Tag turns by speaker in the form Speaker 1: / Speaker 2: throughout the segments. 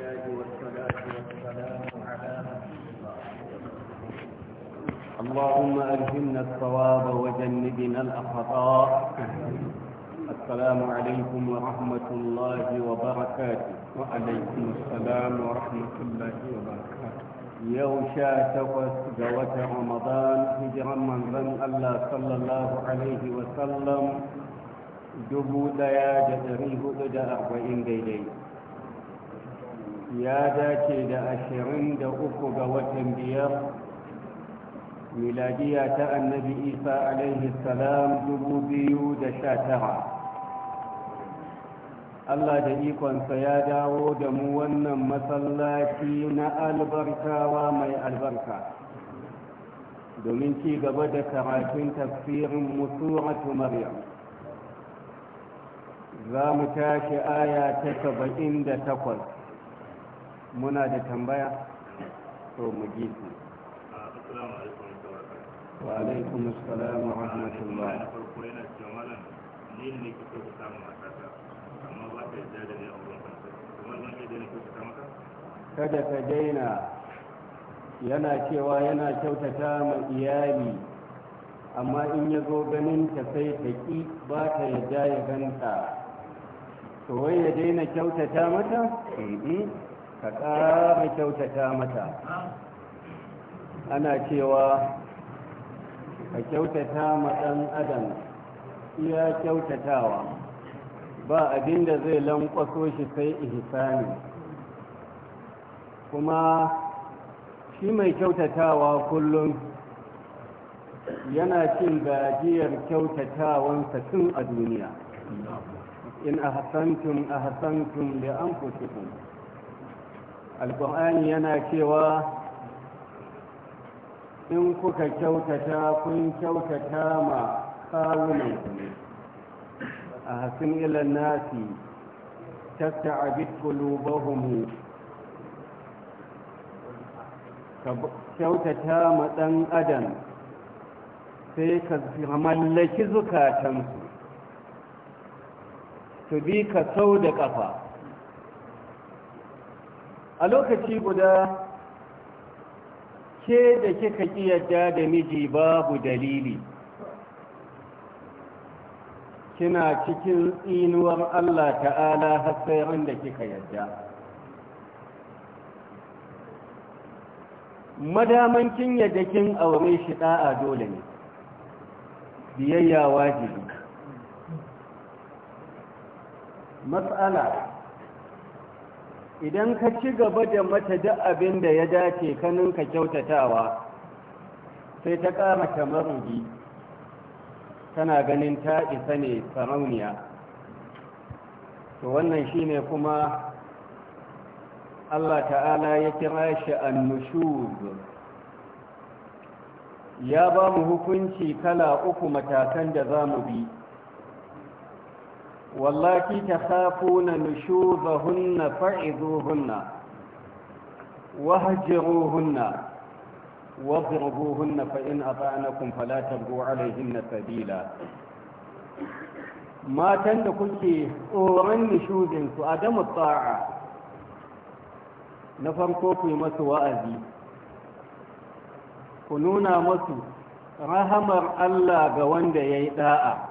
Speaker 1: والصلاة والسلام على رسول الله
Speaker 2: اللهم ألهمنا الصواب وجنبنا الأخطاء السلام عليكم ورحمة الله وبركاته وعليكم السلام ورحمة الله وبركاته يوم شاء جوة رمضان هجرا من ذن الله صلى الله عليه وسلم جبود يا جدريه دجا أربعين ديدي ya dace da ashirin da uku ga watan biyar miladiya ta annabi isa alaihi salam dubu biyu da sha tara allah da ikonsa ya dawo da mu wannan masallaci na albarkawa mai albarka domin ci gaba da karatun tafsirin musuratu maryam za mu tashi aya ta saba'in da takwas muna da tambaya to mu gisu
Speaker 1: wa alaikum assalam wa rahmatullah yana cewa ta yarda da ni a wurin kanta
Speaker 2: kada ka daina yana cewa yana kyautata ma iyali amma in ya zo ganin ta sai ta ƙi ba ta yarda ya ganta to wai ya daina kyautata mata ka ƙara kyautata mata ana cewa ka kyautata matsan adam iya kyautatawa ba abin da zai lankwaso shi sai ne, kuma shi mai kyautatawa kullum yana cin gajiyar kyautatawansa tun a duniya in a a hasantun da an anfusikum alƙur'ani yana cewa in kuka kyautata kun kyautata ma kawunan ne a hasin ilan nasi tatta abid kulubahumu ka kyautata ma ɗan adam sai ka mallaki zukatansu su bi ka sau da ƙafa a lokaci guda ke da kika ƙi yadda da miji babu dalili kina cikin tsinuwar Allah ta'ala har sai da kika yadda madaman kin yadda kin aure shi da'a dole ne biyayya wajibi matsala idan ka ci gaba da mata duk abin da ya dace kanin ka kyautatawa sai ta kama tamarugi tana ganin ta isa ne sarauniya to wannan shine kuma Allah ta'ala ya kira shi annushuz ya ba mu hukunci kala uku matakan da za mu bi wallaki ta hafu na nushu ga hunna fa’izo hunna wa hajjero hunna wa zirgo hunna fa’in a fa’anakun falatar go’ala hinna sabila matan da kuke tsoron nishuzinsu a damar tsara na farko ku masu wa’azi ku nuna musu rahamar Allah ga wanda ya yi ɗa’a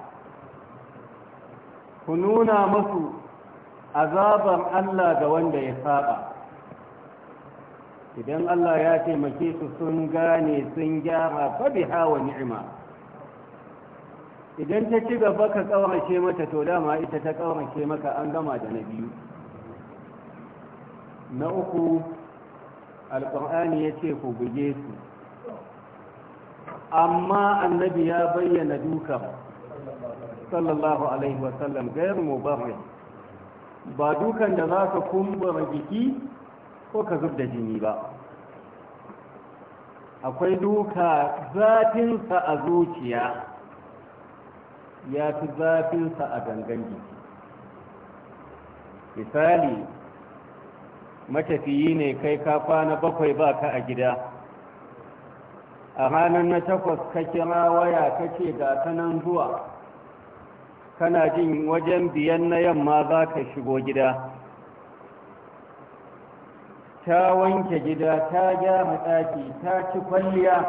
Speaker 2: ku nuna masu azabar Allah ga wanda ya saba idan Allah ya taimake su sun gane sun gyara fabi hawa ni'ima idan ta ci gaba ka kaurace mata to dama ita ta kaurace maka an gama da na biyu na uku alƙur'ani ya ce ku buge su amma annabi ya bayyana dukan sallallahu alaihi wasallam gairu mubarri ba dukan da za ka kumbura jiki ko ka zub da jini ba akwai duka zafinsa a zuciya ya fi zafinsa a gangan jiki misali matafiyi ne kai ka kwana bakwai ba ka a gida a ranar na takwas ka kira waya kake ga kanan zuwa kana jin wajen biyan na yamma za ka shigo gida ta wanke gida ta gyara ɗaki ta ci kwalliya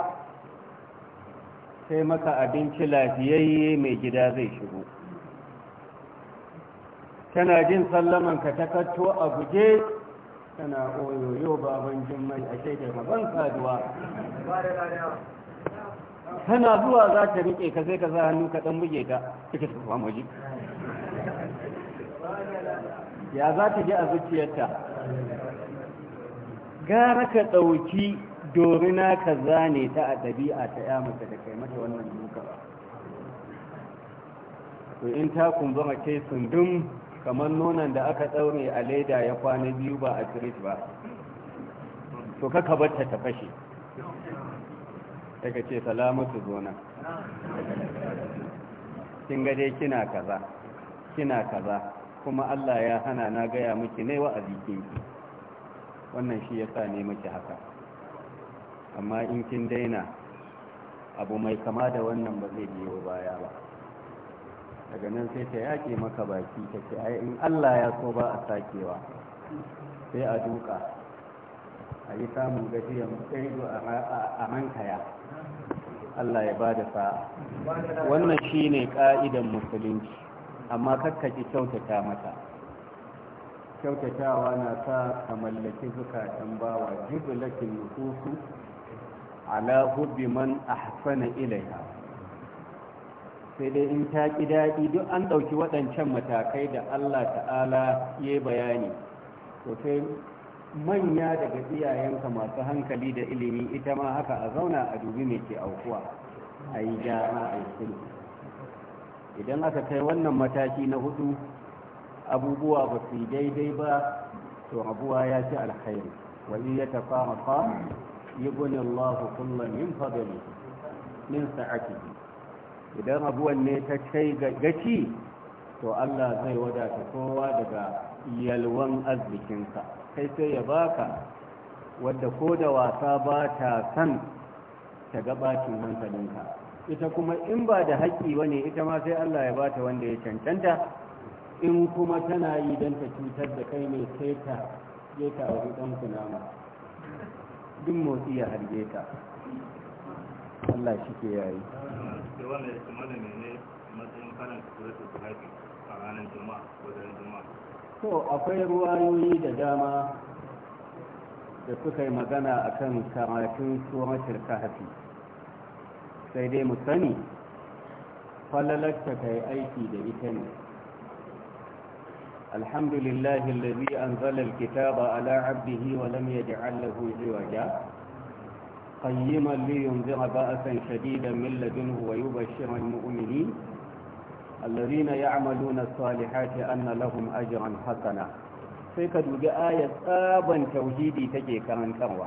Speaker 2: sai maka abinci lafiyayye mai gida zai shigo tana jin sallamanka ta katto a guje tana oyoyo baban jin mai a shaidar babban saduwa
Speaker 1: tana zuwa
Speaker 2: za ta riƙe ka sai ka za hannu ka dan buge ta take ta kwa ji? ya za ta ji a zuciyarta gara ka ɗauki dorina ka zane ta a ɗabi'a ta ya mace da kai mata wannan duka to in ta kumbura kai sundum kamar nonon da aka daure a leda ya kwana biyu ba a tirit ba to kaka bar ta ta fashe Daga ce ka ce zo nan. kin gaje kina kaza kina kaza kuma Allah ya hana na gaya miki ne wa'azi ki. wannan shi yasa ne miki haka amma in kin daina abu mai kama da wannan ba zai biyo baya ba daga nan sai ta yake maka baki ta ce ai in Allah ya so ba a sakewa sai a duka a yi samun gajiyan ɗaiɗo a hankaya Allah ya bada sa'a wannan shine ƙa'idan musulunci amma kakkaci kyautata mata kyautatawa na sa ka mallaki zukatan bawa jibilakin nufusu ala hubbi man ahsana ilaiha sai dai in ta ƙi daɗi duk an ɗauki waɗancan matakai da Allah ta'ala ya bayani to manya daga iyayenka masu hankali da ilimi ita ma haka a zauna a dubi mai ke aukuwa a yi gyara a yi idan aka kai wannan mataki na hudu abubuwa ba su daidai ba to abuwa ya ci alkhairu wani ya tafa mafa yi gunin lahu kullum yin fadali min sa'aki idan abuwan ne ta kai gaci to allah zai wadata kowa daga yalwan arzikinsa kai sai ya baka wadda ko da wasa ba ta san ta bakin hankalinka ita kuma in ba da haƙƙi ba ne ita ma sai Allah ya bata wanda ya cancanta in kuma tana yi don ta cutar da kai mai sai ta je ta auri ɗan kunama duk motsi ya harge ta Allah shi ke yayi
Speaker 1: sai wanda ya kuma da mene matsayin karanta suratul hajj a ranar juma'a da juma'a
Speaker 2: to akwai ruwayoyi da dama da suka yi magana akan karatun suratul kahfi sai dai mu sani falalarta ka yi aiki da ita ne alhamdulillahi lalabi an zalar kitaba ala abdihi wa lam yaj'al lahu iwaja qayyiman li yunzira ba'san shadidan min ladunhu wa yubashshira muminin الذين يعملون الصالحات أن لهم أجرا حسنا sai ka dubi ayar tsaban tauhidi take karantarwa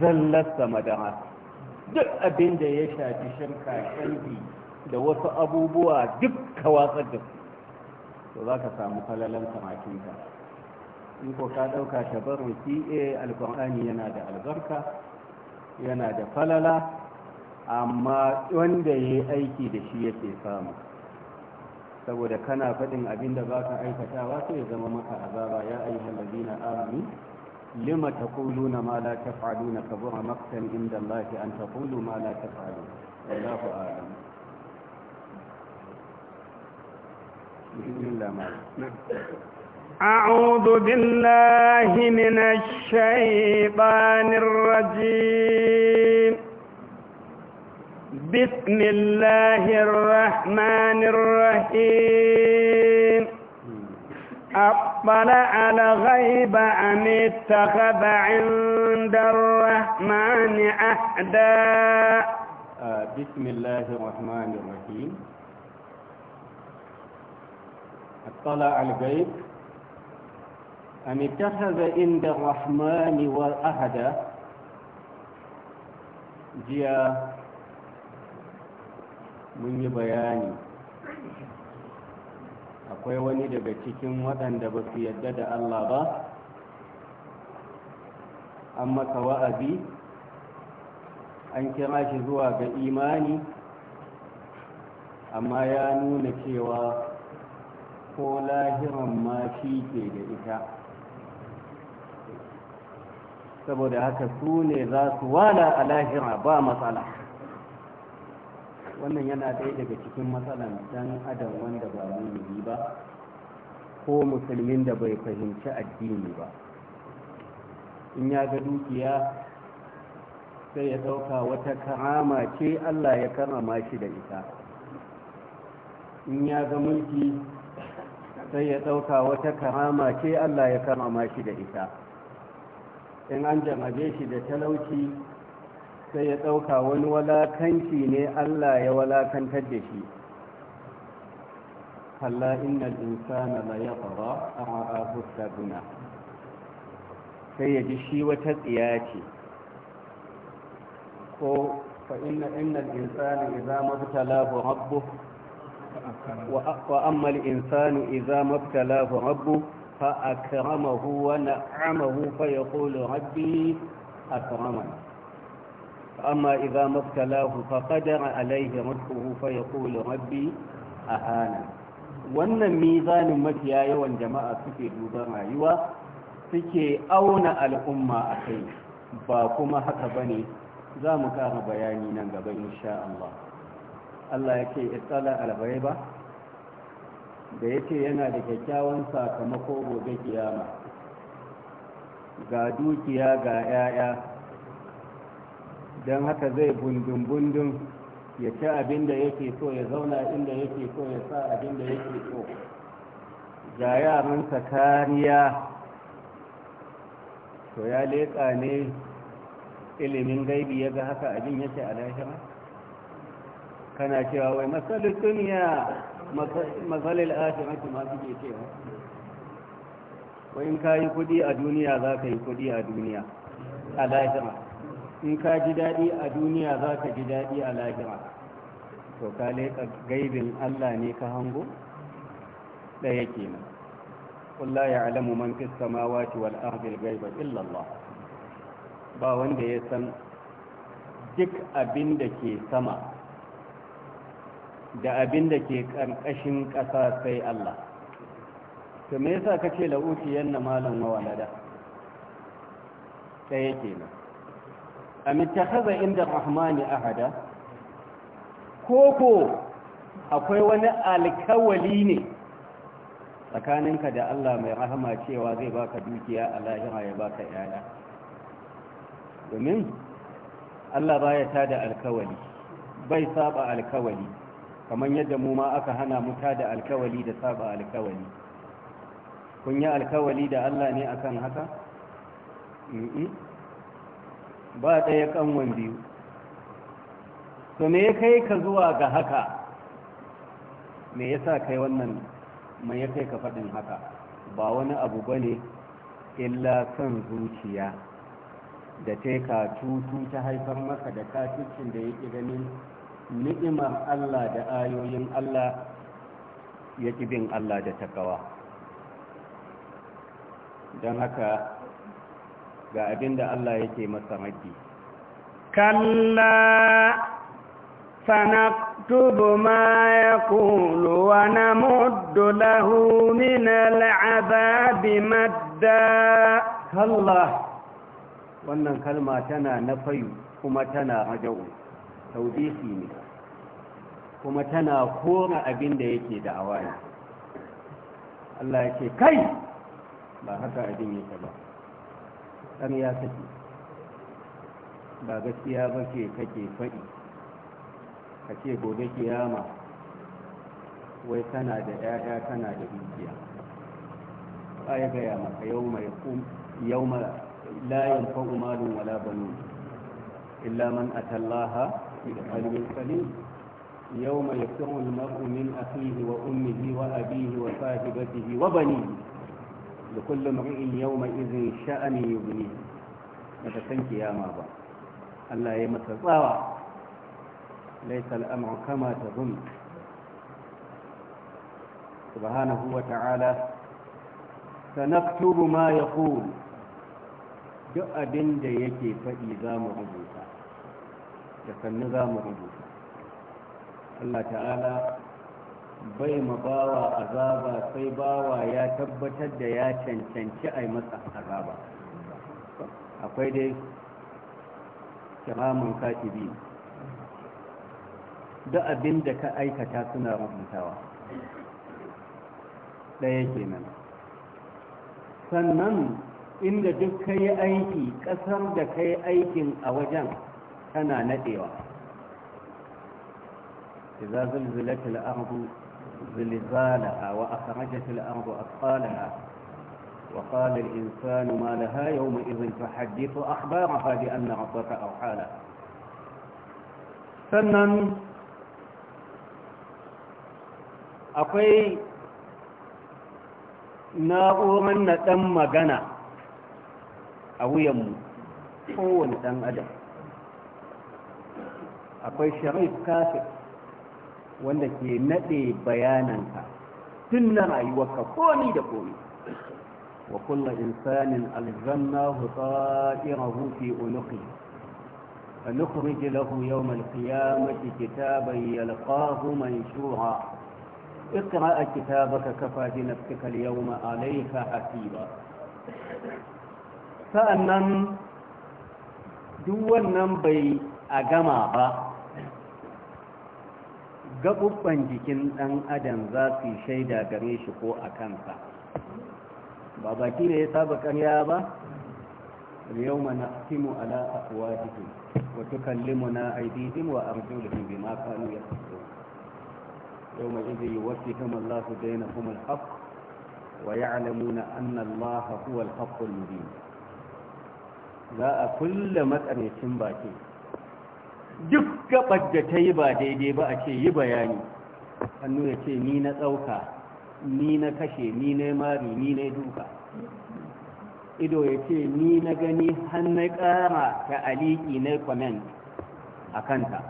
Speaker 2: zallarsa madara duk abin da ya shafi shirka shanki da wasu abubuwa duk ka da su to za ka samu falalan samakinka in ko ka ɗauka tabarin ca alƙur'ani yana da albarka yana da falala amma wanda ya yi aiki da shi yake samu saboda kana faɗin abin da ba ka aikatawa sai ya zama maka azaba ya halabi na amanu lima taquluna ma la taf'aluna kabura maqtan inda Allah an taqulu ma la taf'alun wallahu a'lam أعوذ
Speaker 3: بالله من الشيطان الرجيم بسم الله الرحمن الرحيم أطلع الغيب أم اتخذ عند الرحمن
Speaker 2: احدا آه، بسم الله الرحمن الرحيم اطلع الغيب أم اتخذ عند الرحمن وأهدا جاء mun yi bayani akwai wani daga cikin waɗanda ba su yadda da Allah ba an maka wa'azi an kira shi zuwa ga imani amma ya nuna cewa ko lahiran ma shi ke da ita saboda haka su ne za su wala a lahira ba matsala wannan yana ɗaya daga cikin matsalan dan adam wanda ba yi ba ko musulmin da bai fahimci addini ba in ya ga dukiya sai ya ɗauka wata karama ce allah ya karama shi da ita in ya ga mulki sai ya ɗauka wata karama ce allah ya karama shi da ita in an jamabe shi da talauci sai ya ɗauka wani walakanci ne Allah ya walakantar da shi kalla innal insana la yatgha arahu sabuna sai ya ji shi wata tsiya ce ko fa inna innal insana idza mabtalahu rabbuhu wa amma al insanu idza mabtalahu rabbuhu فأكرمه ونعمه فيقول ربي أكرمني أما إذا ما ابتلاه فقدر عليه رزقه فيقول ربي أهانا wannan mizanin mafiya yawan jama'a suke duba rayuwa suke auna al'umma a kai ba kuma haka ba ne za mu kara bayani nan gaba insha Allah Allah ya ce itsala albai ba da ya ce yana da kyakkyawan sakamako gobe kiyama ga dukiya ga 'ya'ya don haka zai bundun-bundun ya ci abin da yake so ya zauna inda yake so ya sa abin da yake so ga yaransa kariya to ya leƙa ne ilimin gaibi ya ga haka abin yake a lahira kana cewa wai matsalar duniya matsalar asirarci ma suke cewa wai in ka yi kudi a duniya za ka yi kudi a duniya a lahira in ka ji daɗi a duniya za ka ji daɗi a lahira to ka leƙa gaibin allah ne ka hango ɗaya kenan قل لا يعلم من في السماوات والأرض الغيب إلا illallah. ba wanda ya san duk abin da ke sama da abin da ke ƙarƙashin ƙasa sai Allah to me yasa kace la'uti yanna malam mawalada ɗaya kenan amittakhadha inda rahmani ahada koko akwai wani alkawali ne tsakaninka da Allah mai rahama cewa zai baka dukiya a lahira ya baka yaya domin Allah baya tada alkawali bai saba alkawali kamar yadda mu ma aka hana mu tada alkawali da saba alkawali kun yi alkawali da Allah ne akan haka? ba ɗaya ƙanwan biyu to me ya kai ka zuwa ga haka me ya sa kai wannan mai ya kai ka faɗin haka ba wani abu ba ne illa son zuciya da ta tutu ta haifar maka da kafircin da yake ganin ni'imar Allah da ayoyin Allah ya ƙi bin Allah da ta takawa don haka ga abin da Allah yake masa maki
Speaker 3: kalla ma ya
Speaker 2: فنكتب
Speaker 3: wa na muddu lahu min العذاب madda.
Speaker 2: Kalla, wannan kalma tana na fayu kuma tana raja'u taudisi ne kuma tana kora abin da yake da ne Allah ya ce kai ba haka abin yake ba ƙarya kake ba gaskiya ba ke kake faɗi ka ce gobe kiyama wai kana da 'ya'ya kana da dukiya ba ya gaya maka yau mai yau mara layin fa'umalin wala banu illa man atallaha da kalmin salim yau mai fi'ul mar'umin akihi wa ummihi wa abihi wa sahibatihi wa banihi لكل امرئ يومئذ شأن يبنيه متى يا قيامة با الله يمسى صاوى ليس الأمر كما تظن سبحانه وتعالى سنكتب ما يقول duk abin da yake faɗi za mu rubuta da sannu za mu rubuta Allah ta'ala bai ma bawa azaba sai bawa ya tabbatar da ya cancanci a masa azaba akwai dai kiramun katibi da abin da ka aikata suna rubutawa ɗaya kenan sannan inda duk ka yi aiki ƙasar da ka yi aikin a wajen tana naɗewa إذا زلزلت الأرض زلزالها وأخرجت الأرض أثقالها وقال الإنسان ما لها يومئذ فحدث أخبارها بأن ربك أوحى لها sannan akwai na'urar na ɗan magana a wuyanmu kowane ɗan adam akwai sharif kafin wanda ke nade bayananta tun na rayuwarka komi da komi wa kullu insanin alzannahu ta'irahu fi unuqi fa nukhrij lahu yawm alqiyamati kitaban yalqahu manshura اقرأ كتابك كفى بنفسك اليوم عليك sa'an sa'annan duk wannan bai
Speaker 1: a gama ba
Speaker 2: gaɓuɓɓen jikin ɗan adam za su yi shaida gare shi ko a kansa ba baki ne ya saba ƙarya ba yau mana timu ala afuwa jiki wata kallimu na aidihim wa arjulihim bi ma kanu ya fito yau mai izi yi wasu kama Allah su daina kuma alhaq wa ya'lamuna anna Allah huwa alhaqul mubin za a kulle matsanancin baki duk gabar da ta yi ba daidai ba a ce yi bayani hannu ya ce ni na tsauka, ni na kashe ni na mari ni na duka ido ya ce ni na gani hannun ƙara ta aliki na comment a kanta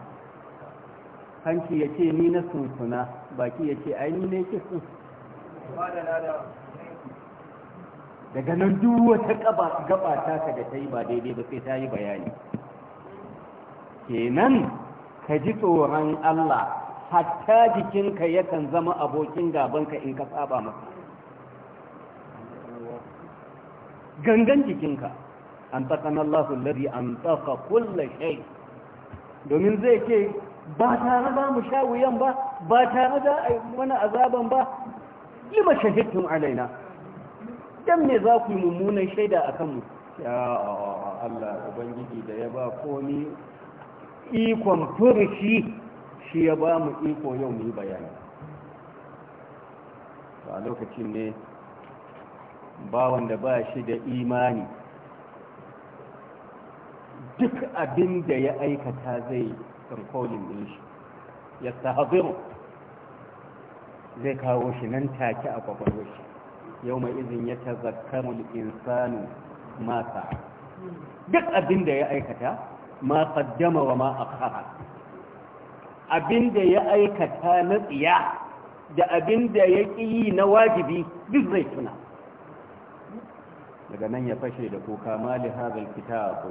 Speaker 2: hanci ya ce ni na sunsuna baki ya ce ai ni na kisu daga nan duk wata gaba ta ka da ta yi ba daidai ba sai ta yi bayani kenan ka ji tsoron Allah hatta jikinka yakan zama abokin gabanka in ka saba masa gangan jikinka an tsakan Allah lari an tsaka kulla shai domin zai ce ba tare za mu sha wuyan ba ba tare za a yi wani azaban ba lima shahidtum alaina dan me za ku yi mummunan shaida a kanmu ya Allah ubangiji da ya ba komi ikon furushi shi ya ba mu iko yau mu yi bayani a lokacin ne ba wanda ba shi da imani duk abin da ya aikata zai kankolin ne shi ya sahabiru zai kawo shi nan take a kwakwalwar shi yau mai izin ya tazakkaru insanu mata duk abin da ya aikata ma qaddama wa ma akhara abinda ya aikata na tsiya da abinda ya yi na wajibi duk zai tuna daga nan ya fashe da kuka mali hadal kitab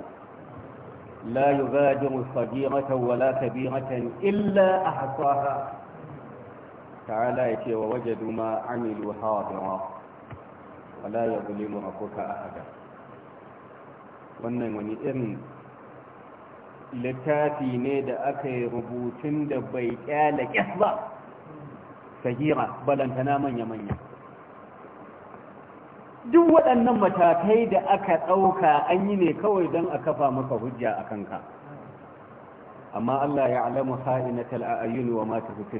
Speaker 2: la yughadiru sadiratan wala kabiratan illa a ahsaha ta'ala ce wa wajadu ma amilu hadira wala ya yuzlimu a haka. wannan wani irin littafi ne da aka yi rubutun da bai kyala kyas ba sahira balantana manya-manya duk waɗannan matakai da aka ɗauka an yi ne kawai don a kafa maka hujja a kanka amma Allah ya alamu ha'inatal a'ayyun wa ma tafi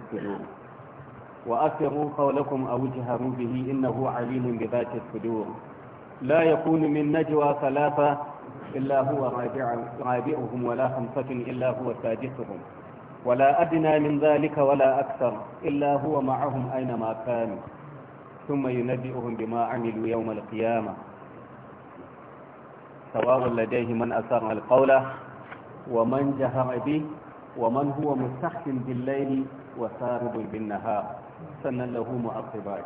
Speaker 2: وأسروا قولكم أو اجهروا به إنه عليم بذات الصدور لا يكون من نجوى ثلاثة إلا هو رابعهم ولا خمسة إلا هو سادسهم ولا أدنى من ذلك ولا أكثر إلا هو معهم أينما كانوا ثم ينبئهم بما عملوا يوم القيامة سواء لديه من أسر القول ومن جهر به ومن هو مستخف بالليل وسارب بالنهار سنن له معقبات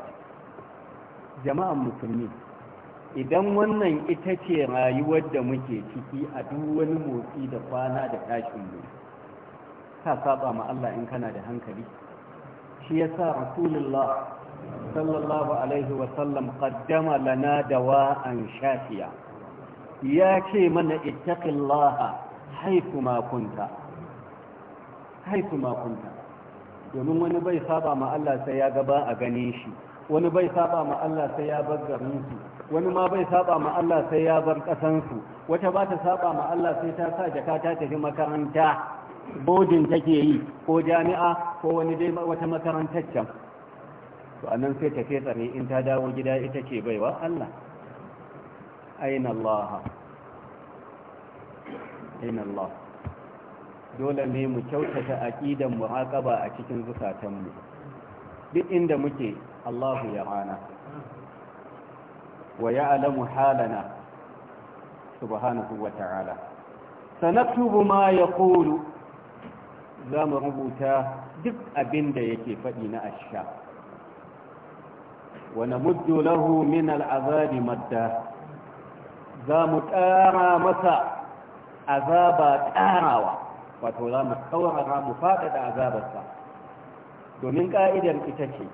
Speaker 2: جماعة مسلمين idan wannan ita ce rayuwar da muke ciki a duk wani motsi da kwana da tashin mu ka saba ma Allah in kana da hankali shi yasa rasulullah sallallahu alaihi wa sallam qaddama lana an shafiya ya ce mana ittaqillaha haifu ma kunta haifu ma kunta domin wani bai saba ma Allah sai ya gaba a gane shi wani bai saba ma Allah sai ya bar su wani ma bai saba ma Allah sai ya bar ƙasansu wata ba ta saba ma Allah sai ta sa jaka ta tafi makaranta bodin take yi ko jami'a ko wani dai wata makarantar can to anan sai ta ke tsare in ta dawo gida ita ce baiwa Allah aina Allah aina Allah dole ne mu kyautata aqidan muhaqaba a cikin zukatanmu duk inda muke Allahu ya rana wa ya alamu halana subhanahu wa ta'ala sanaktubu ma yaqulu zamu rubuta duk abinda yake faɗi na asha wa namuddu lahu min al'azabi madda zamu tara masa azaba tarawa wato zamu ƙaurara mu faɗaɗa azabarsa domin ƙa'idar ita ce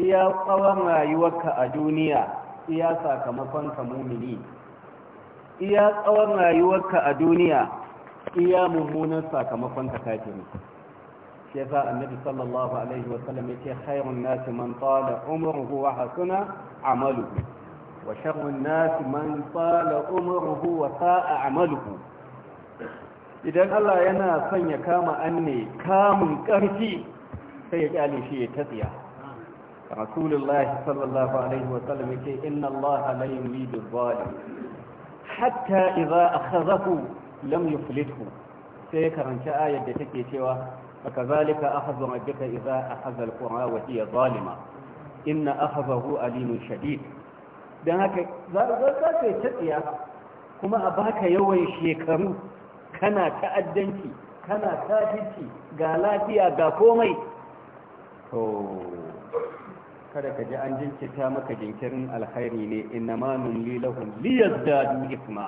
Speaker 2: iya tsawon rayuwarka a duniya iya sakamakon ka mumini iya tsawon rayuwarka a duniya iya mummunan sakamakon ka kafiri shi yasa annabi sallallahu alaihi wa sallam yake khairun nas man tala umruhu wa hasuna amaluhu wa sharrun nas man tala umruhu wa sa'a amaluhu idan Allah yana son ya kama anne kamun karfi sai ya kyale shi ya tafiya. rasulullahi sallallahu alaihi wasallam yake inna allaha la yuridu zalim hatta idza akhadhahu lam yuflithu sai karanci ayar da take cewa fakazalika akhadhu rabbika idza akhadha alqura wa hiya zalima inna akhadhahu alimun shadid dan haka za ka sai tsiya kuma a baka yawan shekaru kana ta'addanci kana tafici ga lafiya ga komai kada ka ji an jinkirta maka jinkirin alkhairi ne inna ma numli lahum liyazdadu isma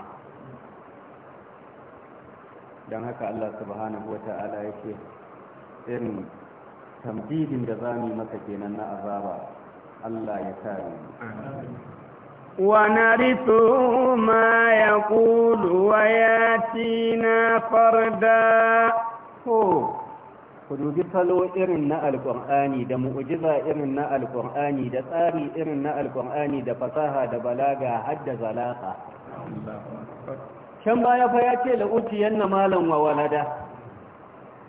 Speaker 2: dan haka Allah subhanahu wata'ala yake irin tamdidin da zamu maka kenan na azaba Allah ya kare mu
Speaker 3: ونرثه ما يقول وياتينا فردا
Speaker 2: ku dubi salo irin na alƙur'ani da mu'ujiza irin na alƙur'ani da tsari irin na alƙur'ani da fasaha da balaga har da zalaka can baya fa ya ce la'uti yanna malam wa walada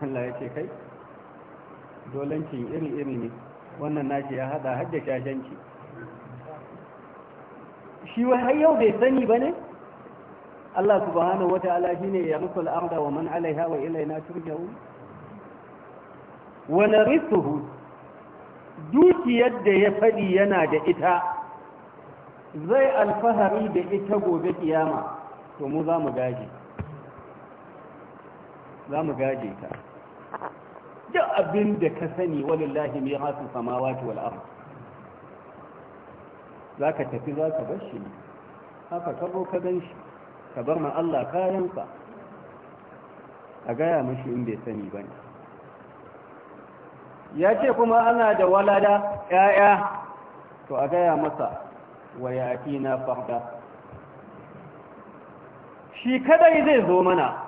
Speaker 2: Allah ya ce kai dolancin iri-iri ne wannan nashi ya hada har da shashanci shi wai har yau bai sani ba ne Allah subhanahu wa ta'ala shine ya rusul arda wa man alaiha wa ilaina turja'un wani risuhu dukiyar da ya faɗi yana da ita zai alfahari da ita gobe kiyama to mu za mu gaje za mu gaje ta duk abin da ka sani walillahi mai hasu samawati wal'ar za ka tafi za ka bar shi haka kabo ka gan shi ka bar ma Allah kayansa a gaya mashi in bai sani ba ne ya ce kuma ana da walada ‘ya'ya to a gaya masa wa yaƙi na farda shi kadai zai zo mana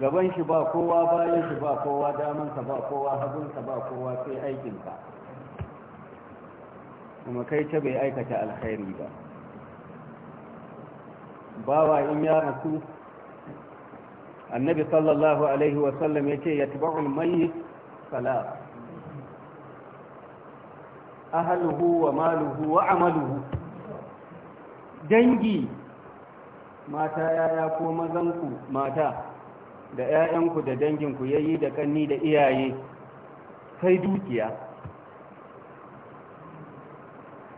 Speaker 2: gaban shi ba kowa bayan shi ba kowa damansa ba kowa hagunsa ba kowa sai aikinsa kuma kai ta bai aikata alkhairi ba bawa in ya rasu annabi sallallahu alaihi wasallam ya ce ya taba'ul mai salat ahaluhu wa maluhu wa amaluhu dangi mata yaya ko mazanku mata da 'ya'yanku da danginku yayi da kanni da iyaye sai dukiya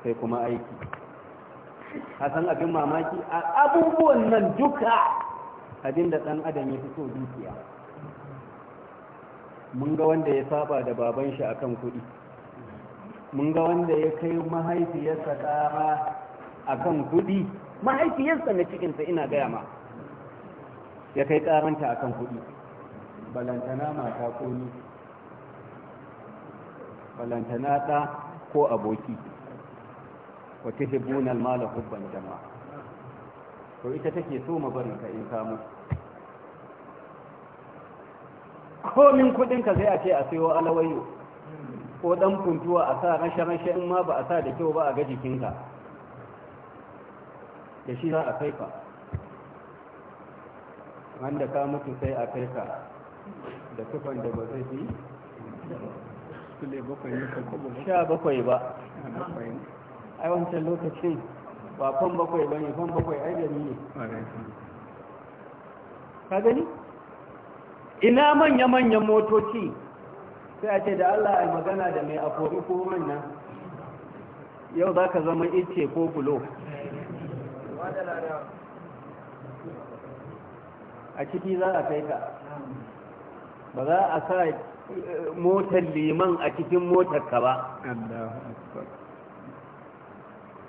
Speaker 2: sai kuma aiki hasan abin mamaki a abubuwan nan duka abinda ɗan adam ya fi so dukiya mun ga wanda ya saba da baban shi akan kuɗi mun ga wanda ya kai mahaifiyarsa ƙara akan kuɗi mahaifiyarsa na cikinsa ina gaya ma ya kai ƙaranta akan kuɗi balantana mata ko ni balantana ta ko aboki wata hibunan mala hubban jama'a ko ita take so mabarinka in samu komin kudinka zai a ce a sayo alawayo ko dan kuntuwa a sa rashe-rashe in ma ba a sa da kyau ba a ga jikinka da shi za a kai ka wanda ka mutu sai a kai ka da tufan da ba zai fi sha bakwai ba a wancan lokacin ba fan bakwai ba ne fan bakwai ai gani ne ka gani ina manya-manyan motoci sai a ce da Allah ai magana da mai afori ko manya yau za ka zama ice ko bulo a ciki za a kai ka ba za a sa eh, motar liman a cikin motar ka ba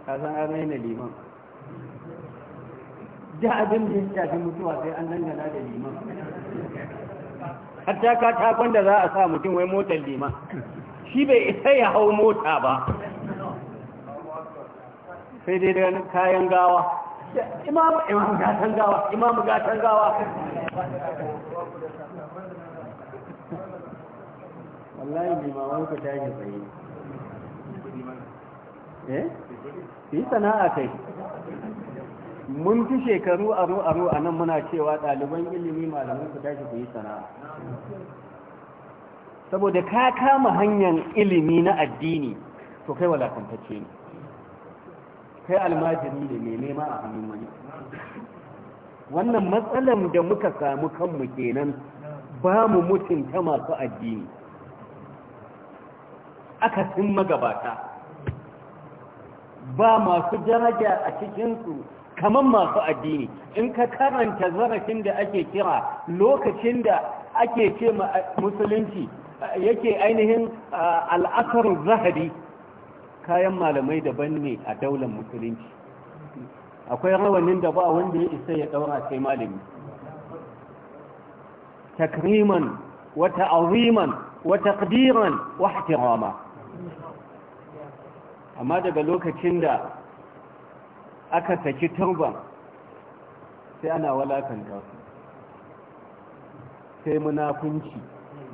Speaker 2: a san an raina liman da abin da ya shafi mutuwa sai an dangana da liman ka katakon da za a sa mutum wai motar lima shi bai isa ya hau mota ba sai dai da kayan gawa
Speaker 1: imamu gatan gawa imamu gatan gawa
Speaker 2: wallahi limamu ka yi tsaye eh yi sana'a kai mun fi shekaru aro aro a nan muna cewa ɗaliban ilimi malamin su tashi ku yi sana'a saboda ka kama hanyar ilimi na addini to kai walakantacce ne kai almajiri ne mai nema a hannun wani wannan matsalar da muka samu kanmu kenan ba mu mutunta masu addini aka sun magabata ba masu daraja a cikinsu kamar masu addini in ka karanta zarafin da ake kira lokacin da ake ce eh, musulunci eh, yake ainihin eh, al'asar zahari kayan malamai daban ne a daular musulunci akwai rawanin da ba wanda ya isa ya daura sai malami takriman wa ta'ziman wata taqdiran amma daga lokacin da aka saki turban sai ana walakanta su sai munafunci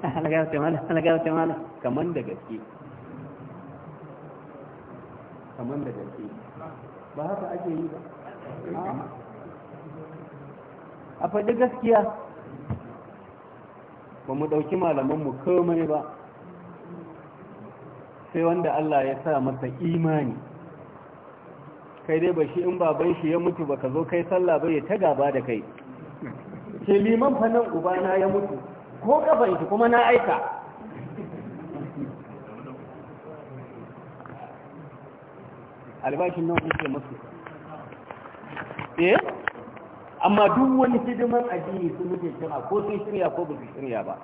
Speaker 2: kaman da gaske da gaske
Speaker 1: ba haka ake yi ba
Speaker 2: a faɗi gaskiya ba mu ɗauki malamanmu komai ba sai wanda Allah ya sa masa imani kai dai ba shi in baban shi ya mutu ba ka zo kai sallah ba ya ta gaba da kai Ke liman fa nan ubana ya mutu ko kafan shi kuma na aika albashin nan kuke masu eh amma duk wani hidiman addini sun muke shirya ko sun shirya ko ba su shirya ba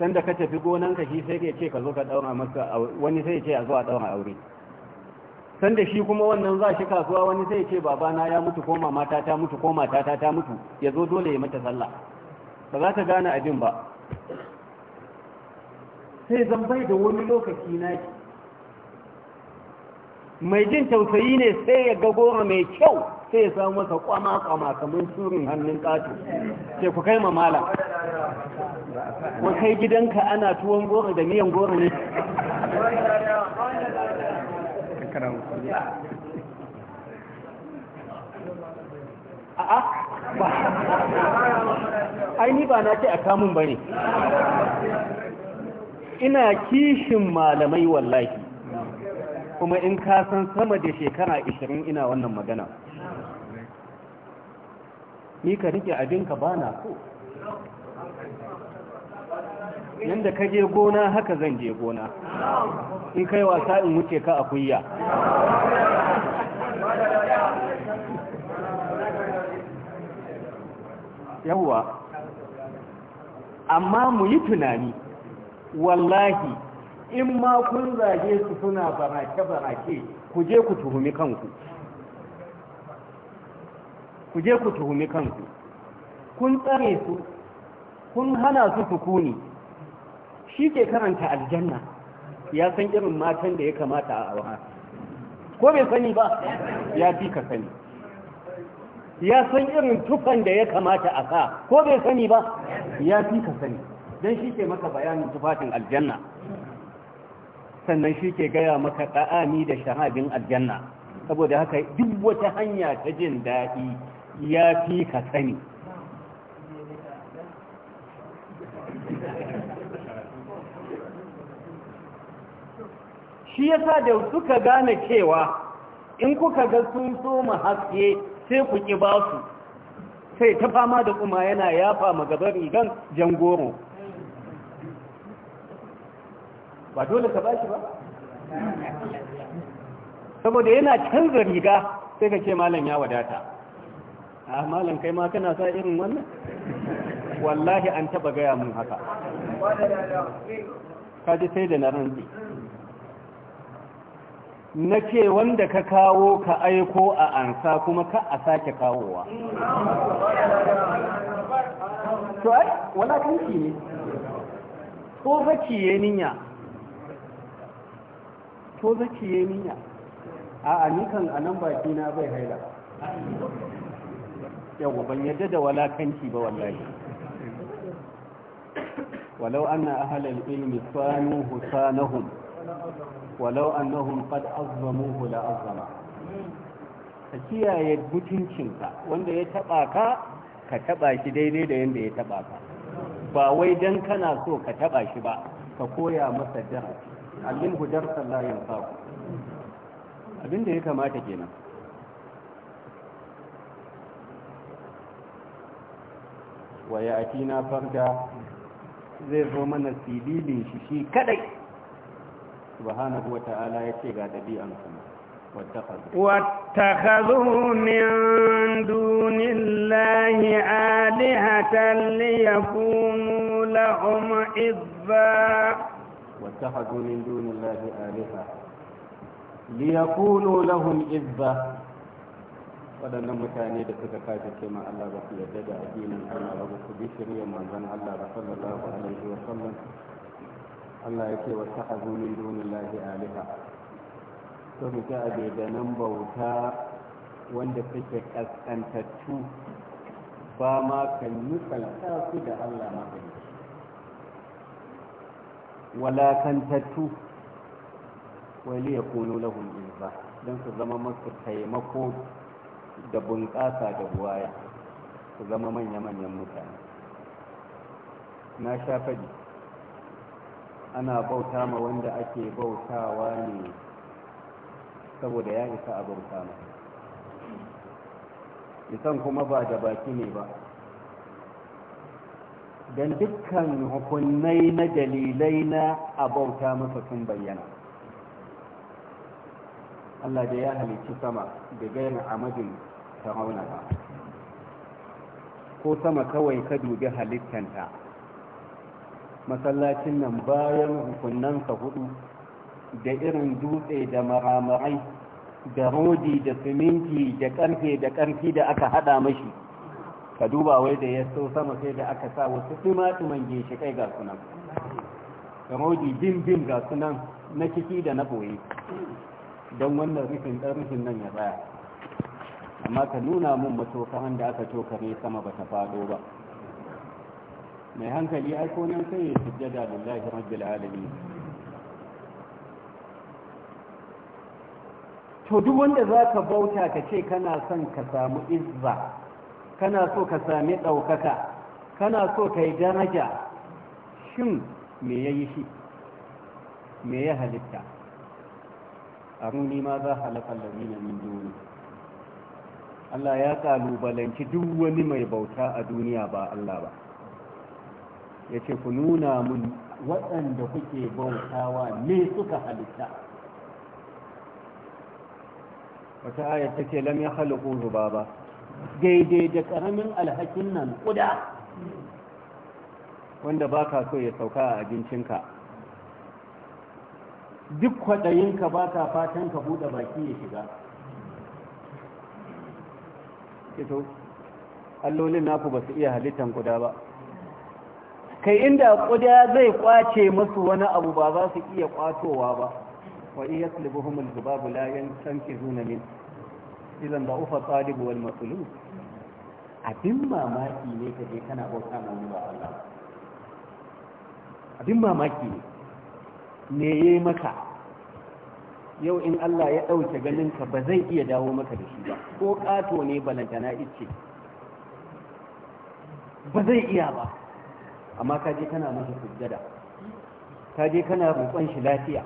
Speaker 2: sanda ka tafi gonanka shi sai ka ce ka zo ka daura masa wani sai ya ce a zo a daura aure sanda shi kuma wannan za shi kasuwa wani sai ce babana ya mutu ko mamata ta mutu ko matata ta mutu ya zo dole ya mata sallah ba za ta gane abin ba sai zan bai da wani lokaci na shi mai jin tausayi ne sai ya ga goro mai kyau sai ya samu masa kwama-kwama kamar surin hannun ƙato sai ku kai mamala
Speaker 1: wa kai gidanka ana
Speaker 2: tuwon goro da miyan goro ne A a'a
Speaker 1: ba ba na ce a kamun bane
Speaker 2: ina kishin malamai wallahi kuma in ka san sama da shekara 20 ina wannan magana ni ka rike abinka ba na
Speaker 1: so yanda ka je gona
Speaker 2: haka zan je gona
Speaker 1: in kai wasa
Speaker 2: in wuce ka a kuyya yawwa amma mu yi tunani wallahi in ma kun zage su suna barake-barake ku je ku tuhumi kanku ku je ku tuhumi kanku kun tsare su kun hana su sukuni shi ke karanta aljanna ya san irin matan da ya kamata a wahar ko bai sani ba ya fi ka sani ya san irin tufan da ya kamata a ka ko bai sani ba ya fi ka sani don shi ke maka bayanin tufafin aljanna sannan shi ke gaya maka ƙa'ami da shahabin aljanna saboda haka duk wata hanya ta jin daɗi ya fi ka sani
Speaker 1: shi yasa da suka gane cewa
Speaker 2: in kuka ga sun so mu haske sai ku ki ba su sai ta fama da kuma yana yafa ma gaba rigan jangoro ba dole ka ba shi
Speaker 1: ba saboda yana canza riga
Speaker 2: sai ka ce malam ya wadata a ah, malam kai ma kana sa irin wannan wallahi an taba gaya mun haka kaji sai da na rantsi
Speaker 1: na ce wanda
Speaker 2: ka kawo ka aiko a ansa kuma ka a sake kawowa to ai wala kanki ne ko zakiye niyya ko yi niyya
Speaker 1: a anikan
Speaker 2: a nan baki na bai haila
Speaker 1: yau ban yadda da wala kanki ba wallahi
Speaker 2: ولو أن أهل العلم صانوا حسانهم walau annahum qad azzamuhu la azzama ka kiyaye butuncinka wanda ya taba ka ka taba shi daidai da yanda ya taba ka ba wai dan kana so ka taba shi ba ka koya masa darasi allin gudar sallayin saku abinda ya kamata kenan waya atina farda zai zo mana sibilin shi shi kadai subhanahu wa ta'ala ya ce ga ɗabi'ansu
Speaker 3: واتخذوا من دون الله آلهة ليكونوا لهم إذبا
Speaker 2: واتخذوا من دون الله آلهة ليكونوا لهم waɗannan mutane da suka kace ce ma Allah yarda da addinin Allah ba su bi Allah Allah ya ce wa ta'azu min dunillahi alaha to mutum da nan bauta wanda take kaskantattu ba ma kan misalta su da Allah ma kan walakantattu wali ya kuno lahun inza don su zama masu taimako da bunƙasa da buwaya su zama manya-manyan mutane na sha faɗi ana bauta ma wanda ake bautawa ne saboda ya isa a bauta ma isan kuma ba da baki ne ba Dan dukkan hukunnai na dalilai na a bauta masa sun bayyana Allah da ya halicci sama da gairin amadin ta hauna ba ko sama kawai ka dubi halittanta masallacin nan bayan rukunansa hudu da irin dutse da maramarai da rodi da siminti da karfe da karfi da aka hada mashi ka duba wai da ya so sama sai da aka sa wasu tsima-tsiman kai ga sunan rodi bim-bim ga sunan na ciki da na boye don wannan rufin rufin nan ya tsaya amma ka nuna mun matokaran da aka tokare sama ba ta fado ba mai hankali aiko nan sai ya sujjada lillahi rabbil alamin to duk wanda zaka bauta ka ce kana son ka samu izza kana so ka sami ɗaukaka kana so ka yi daraja shin me ya yi shi me ya halitta a runi ma za halakar da nuna min duni Allah ya kalubalanci duk wani mai bauta a duniya ba Allah ba ya ce ku nuna mun waɗanda kuke bautawa ne suka halitta wata ayat ta ce lam ya halittu zuba ba daidai da ƙaramin alhakin nan ƙuda wanda ba ka so ya sauka a abincinka duk kwaɗayinka ba ka fatan ka buɗe baki ya shiga allolin naku ba su iya halittan guda ba kai inda kuda zai kwace musu wani abu ba za su iya kwatowa ba wa iya sulubuhum al-zubabu la yankizuna min idan da ufa talib wal matlub abin mamaki ne kaje kana bauta ma ba Allah abin mamaki ne me yayi maka yau in Allah ya dauke ganin ka ba zai iya dawo maka da shi ba ko kato ne balantana ice ba zai iya ba amma ka je kana masa sujjada ka je kana roƙon shi lafiya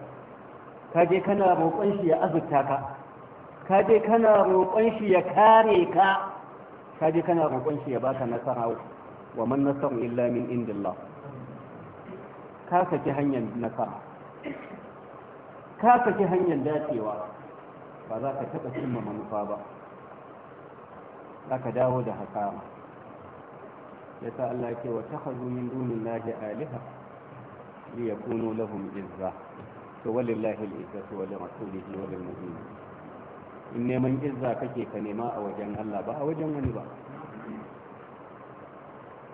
Speaker 2: ka je kana roƙon shi ya azurta ka ka je kana roƙon shi ya kare ka ka je kana roƙon shi ya baka nasara wa man nasaru illa min indillah ka saki hanyar nasara ka saki hanyar dacewa ba za ka taɓa cimma manufa ba za ka dawo da hasara ya sa Allah ke wa takhadhu min dunillahi aliha li yakunu lahum izza to walillahi al-izzatu wa li rasulihi wa lil mu'minin in neman izza kake ka nema a wajen Allah ba a wajen wani ba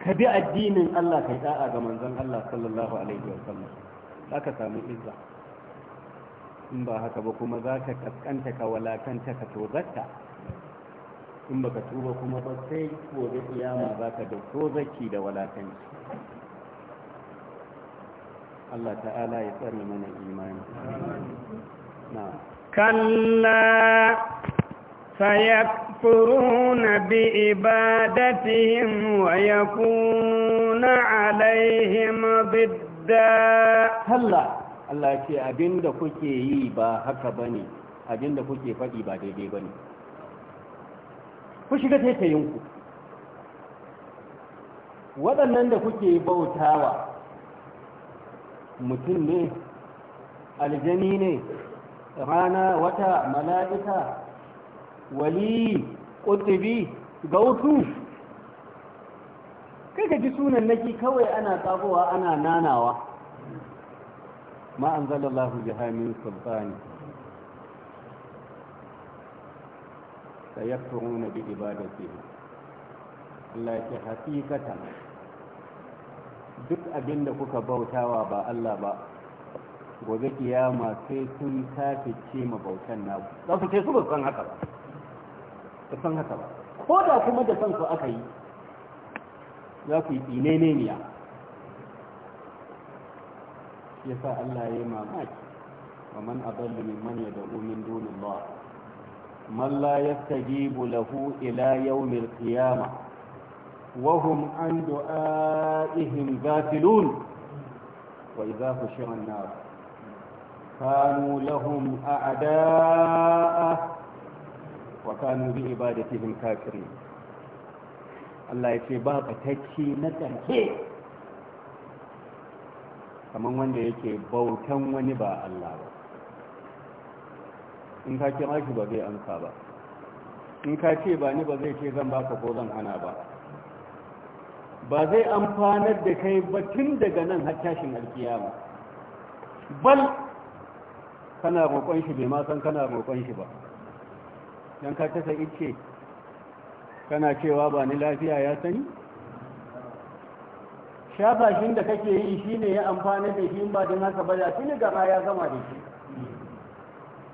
Speaker 2: ka bi addinin Allah kai da'a ga manzon Allah sallallahu alaihi wa sallam zaka samu izza in ba haka ba kuma zaka kaskanta ka walakanta ka tozarta in baka tuba kuma ba sai gobe iyama za ka da tozaki da walakanci Allah ta'ala ya tsari mana imani kalla
Speaker 3: sayakuruna bi ibadatihim
Speaker 2: wa yakuna alaihim bidda kalla Allah ce abinda kuke yi ba haka bane abinda kuke faɗi ba daidai bane ku shiga taitayinku waɗannan da kuke bautawa mutum ne aljani ne rana wata mala'ika wali ƙutubi gautu ka ji sunan naki kawai ana tsagowa ana nanawa ma'an zalallahu jihamin sultani da ya turuna bi ibadati Allah ke hakikatan duk abin da kuka bautawa ba Allah ba gobe kiyama sai sun kafice ma bautan naku za su ce su ba san haka ba ba san haka ba ko da kuma da san su aka yi za ku yi tsineneniya ya sa Allah ya yi mamaki wa man adallu mimman yad'u min dunillah من لا يستجيب له إلى يوم القيامة وهم عن دعائهم غافلون وإذا فشر النار كانوا لهم أعداء وكانوا بعبادتهم كافرين الله يتبع تكشي نتنكي kamar wanda yake bautan wani ba Allah ba in ka kira shi ba zai amsa ba in ka ce ba ni ba zai ce zan baka ko zan hana ba ba zai amfanar da kai ba tun daga nan har tashin alkiyama bal kana roƙon shi bai ma san kana roƙon shi ba dan ka tasa ice kana cewa ba ni lafiya ya sani shafashin da kake yi shine ya amfana da shi ba don haka ba da tuni gaba ya zama da shi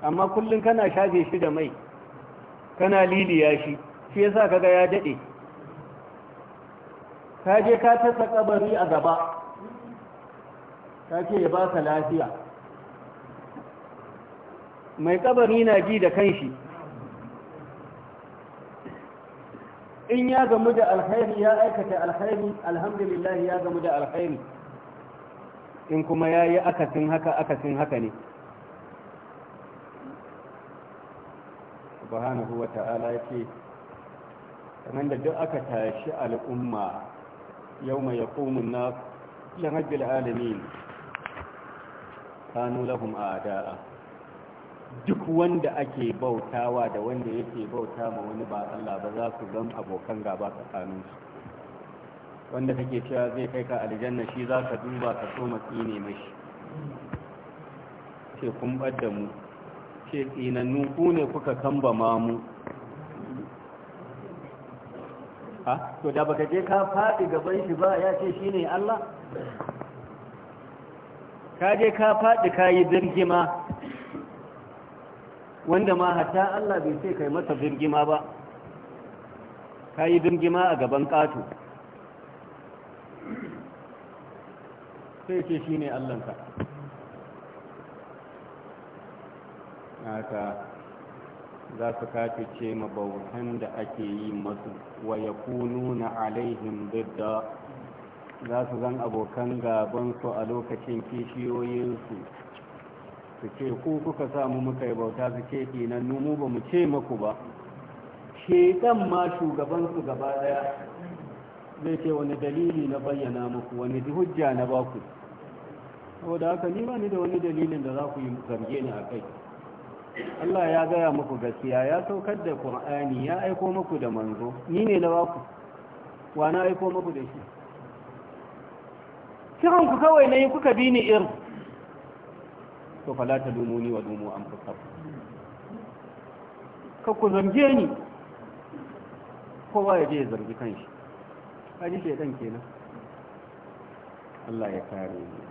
Speaker 2: amma kullum kana shafe shi da mai kana liliya shi shi ya sa kaga ya daɗe. ka je ka tasa kabari a gaba Ta ce ya baka lafiya mai kabari na ji da kanshi in ya gamu da alkhairi ya aikata alkhairi alhamdulillah ya gamu da alkhairi in kuma ya yi akasin haka akasin haka ne subhanahu wa ta'ala ce kamar da duk aka tashi al'umma yau mai ya komun na lamabbil alamin kanu lahum ada'a duk wanda ake bautawa da wanda yake bauta ma wani ba Allah ba za su zan abokan gaba tsakaninsu wanda kake cewa zai kai ka aljanna shi za ka duba ka so matsi ne mashi ce kun da mu ce tsinannu ku ne kuka kamba mamu ha to da baka je ka faɗi gaban shi ba ya ce shi ne Allah ka je ka faɗi ka yi birgima wanda ma hatta Allah bai ce kai masa birgima ba ka yi birgima a gaban ƙato sai ce shi ne Allahnka haka za su ma mabautan da ake yi masu wa ya nuna alaihim bidda za su zan abokan gabansu a lokacin kishiyoyinsu su ce ku kuka samu muka yi bauta su ce kinan numu ba mu ce maku ba shekan ma shugabansu gaba daya zai ce wani dalili na bayyana muku wani hujja na baku saboda haka ni ba ni da wani dalilin da za ku yi zarge ni a kai Allah ya gaya muku gaskiya ya saukar da Qur'ani ya aiko muku da manzo ni ne na baku wa na aiko muku da shi kiran ku kawai yi kuka bi ni ir to fala ta dumuni wa dumu an fusa ka ku zange ni kowa ya je ya zargi kanshi haji dan kenan Allah ya kare ni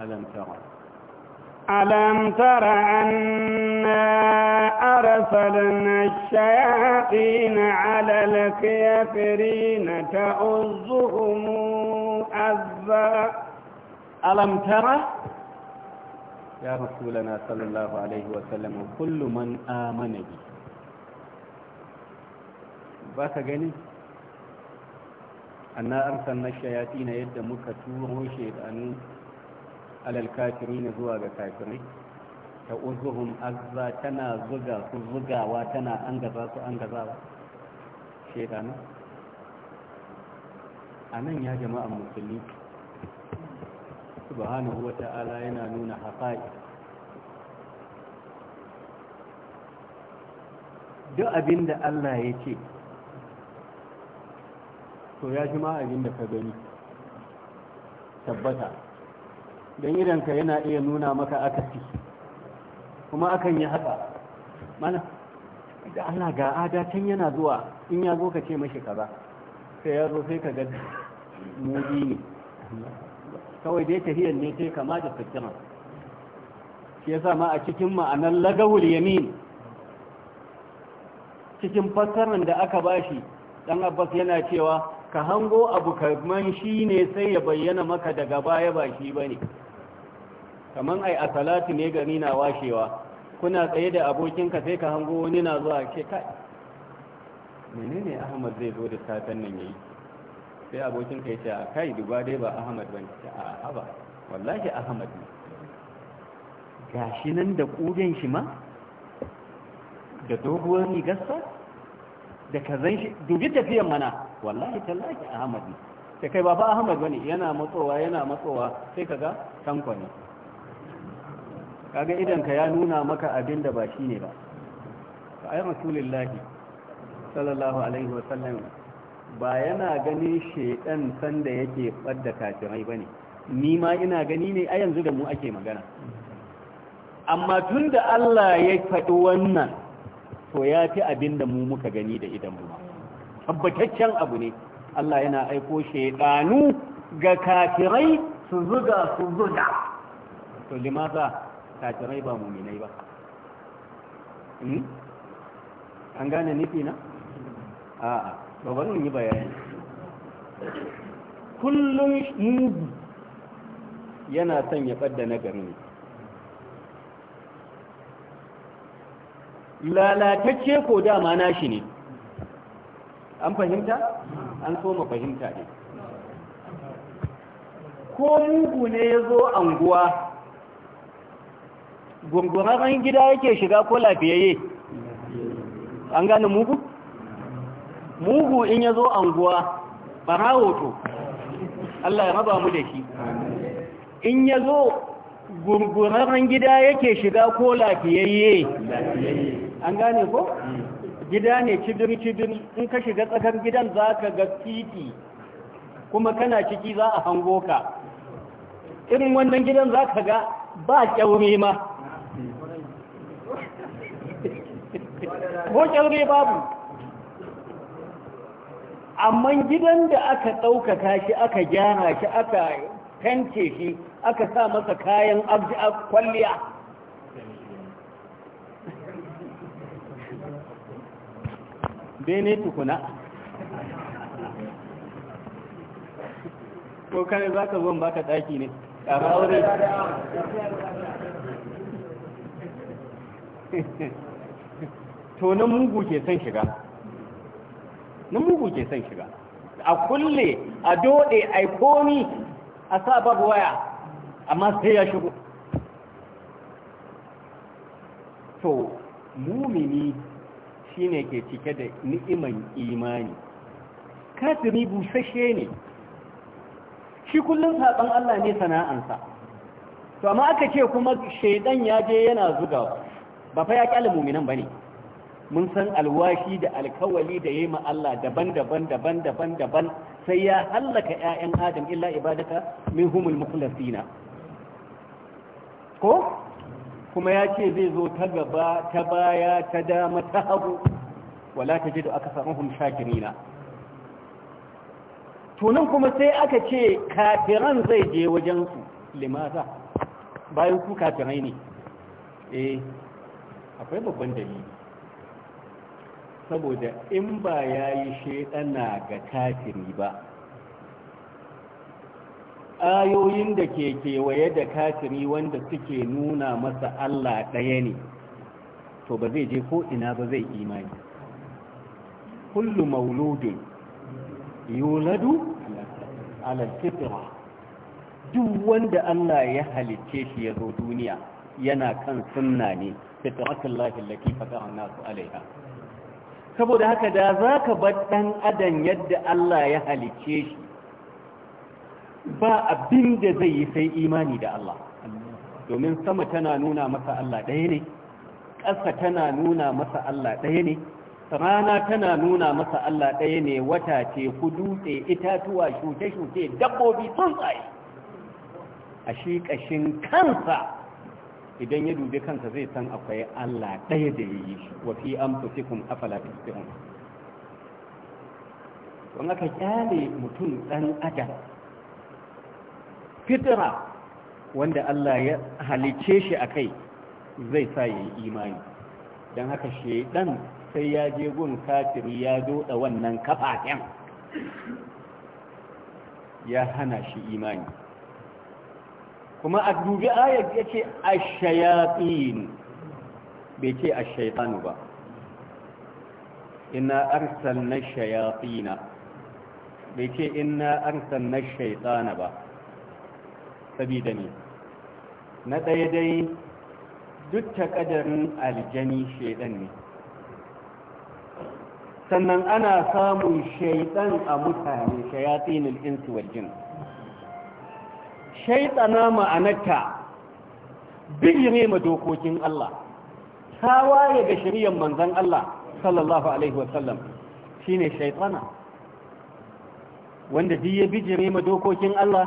Speaker 2: alam tara
Speaker 3: ألم تر أنا أرسلنا الشياطين على الكافرين تؤزهم أذى
Speaker 2: ألم ترى يا رسولنا صلى الله عليه وسلم كل من آمن بي باك جني أنا أرسلنا الشياطين يد مكتور شيطان alal kafirina zuwa ga kafirai ta uzuhum azza tana zuga su zugawa tana an gaza su an gazawa shedanu a nan ya jama'an musulmi subhanahu wa ta'ala yana nuna haƙa'i duk abin da Allah ya ce to ya ji ma abin da ka gani tabbata don idanka yana iya nuna maka akasi kuma akan yi haka mana da Allah ga ada yana zuwa in ya zo ka ce mashi kaza sai ya zo sai ka ga mudi ne kawai dai tahiyar ne sai kama da sakina shi yasa ma a cikin ma'anar lagawul yamin cikin fassarar da aka bashi dan Abbas yana cewa ka hango abu kaman shi ne sai ya bayyana maka daga baya ba shi bane kamar ai a salatu ne gari na washewa kuna tsaye da abokinka sai ka hango wani na zuwa ke kai menene ahmad zai zo da satan nan yayi sai abokinka ya ce a kai duba dai ba ahmad ban ce a haba wallahi ahmad ne gashi nan da kugen shi ma da doguwar rigarsa da kazan shi dubi tafiyan mana wallahi tallahi ahmad ne sai kai ba fa ahmad bane yana matsowa yana matsowa sai kaga tanko ne kaga idanka ya nuna maka abin da ba shi ne ba yi rasulillahi sallallahu alaihi wasallam ba yana gani shedan sanda yake fadda kafirai bane ni ma ina gani ne a yanzu da mu ake magana amma tun da Allah ya faɗi wannan to ya fi abin da mu muka gani da idan mu tabbataccen abu ne Allah yana aiko shedanu ga kafirai su zuga su zuga to limaza kafirai ba muminai ba hmm? an gane nufi na? a'a ba bari yi bayani kullum mugu yana son ya ɓadda nagari ne lalatacce ko dama nashi ne an fahimta? an soma fahimta ne ko mugu ne ya zo anguwa gunguraren gida yake shiga ko lafiyayye an gane mugu? mugu in ya zo anguwa barawo hoto. Allah ya raba mu da shi in ya zo gunguraren gida yake shiga ko lafiyayye an gane ko? gida ne cibin-cibin in ka shiga tsakar gidan za ka ga titi kuma kana ciki za a hango ka irin wannan gidan za ka ga ba kyaure ma
Speaker 1: ko kyalre babu
Speaker 2: amma gidan da aka ɗaukaka shi aka gyara shi aka kance shi aka sa masa kayan abji a kwalliya bene tukuna ko kane za ka zo baka ɗaki ne ƙara aure to nan mugu ke son shiga nan mugu ke son shiga a kulle a dode a komi a sa babu waya amma sai ya shigo to mumini shine ke cike da ni'iman imani kafiri busashe ne shi kullum saɓan Allah ne sana'ansa to amma aka ce kuma shaidan ya je yana zuga ba fa ya ƙyale muminan ba ne mun san alwashi da alkawali da yayi ma Allah daban-daban daban-daban daban sai ya hallaka ƴaƴan Adam illa ibadaka minhumul mukhlasina ko kuma ya ce zai zo ta gaba ta baya ta dama ta hagu wala tajidu akasarahum shakirina to nan kuma sai aka ce kafiran zai je wajen su limaza bayan ku kafirai ne eh akwai babban dalili saboda in ba ya yi shaidana ga kafiri ba ayoyin da ke kewaye da kafiri wanda suke nuna masa Allah ɗaya ne to ba zai je ko ina ba zai imani kullu mauludin yuladu ala duk wanda Allah ya halicce shi ya zo duniya yana kan sunna ne fitratullahi allati nasu alaiha saboda haka da za ka bar ɗan adam yadda Allah ya halicce shi ba abin da zai yi sai imani da Allah domin sama tana nuna masa Allah ɗaya ne ƙasa tana nuna masa Allah ɗaya ne rana tana nuna masa Allah ɗaya ne wata ce ku dutse itatuwa shuke-shuke dabbobi tsuntsaye a shi ƙashin kansa idan ya dubi kansa zai san akwai Allah ɗaya da ya yi shi wa fi anfusikum afala tusirun Wani aka kyale mutum ɗan adam fitira wanda Allah ya halice shi a kai zai sa ya yi imani don haka shaidan sai ya je gun kafiri ya zo doda wannan kafafen ya hana shi imani kuma a dubi ayar ya ce ashayatsin bai ce ashaitanu ba ina na shayafina. bai ce ina arsalna shaitana ba sabida ne na ɗaya dai duk ta ƙadarin aljani shaiɗan ne sannan ana samun shaiɗan a mutane shayatinin insu wal jin Shaitana ma'anarta bigire ma dokokin Allah ta waye ga shari'ar manzan Allah sallallahu alaihi wasallam shine shaitana. wanda biye ya bijire ma dokokin Allah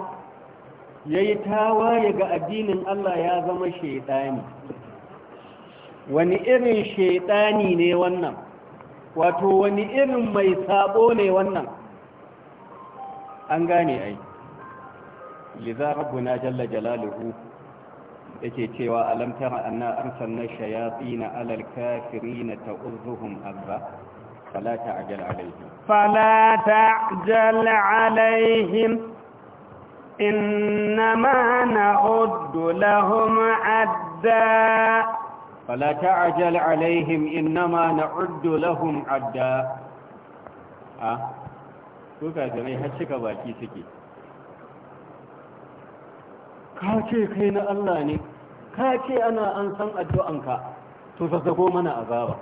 Speaker 2: yayi tawaye ga addinin Allah ya zama shaiɗani wani irin shaiɗani ne wannan wato wani irin mai sabo ne wannan an gane ai liza rabbuna jalla jalaluhu yake cewa "A tara anna arsalna shayatin ala alkafirin ta'uzuhum azza fala ta'jal alaihim
Speaker 3: fala ta'jal alaihim إنما نعد لهم عدا
Speaker 2: فلا تعجل عليهم lahum نعد لهم عدا آه سوكا جميع هاتشك baki suke. ka ce kai na Allah ne ka ce ana an san addu'anka to zazzago mana azaba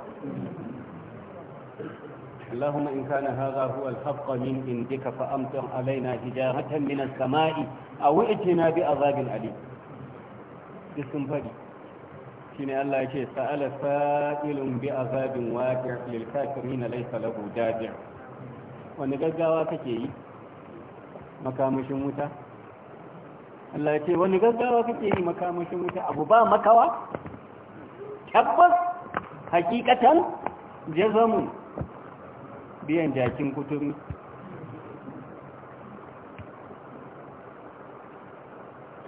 Speaker 2: اللهم إن كان هذا هو الحق من عندك فأمطر علينا حجارة من السماء أو ائتنا بعذاب أليم اسم فدي shine Allah yake sa'ala sa'ilun bi azabin waqi' lil kafirin laysa lahu dafi' wani gaggawa kake yi makamashin wuta Allah ce wani gaggawa kake yi makamashin wuta abu ba makawa tabbas hakikatan jazamu biyan jakin kuturi.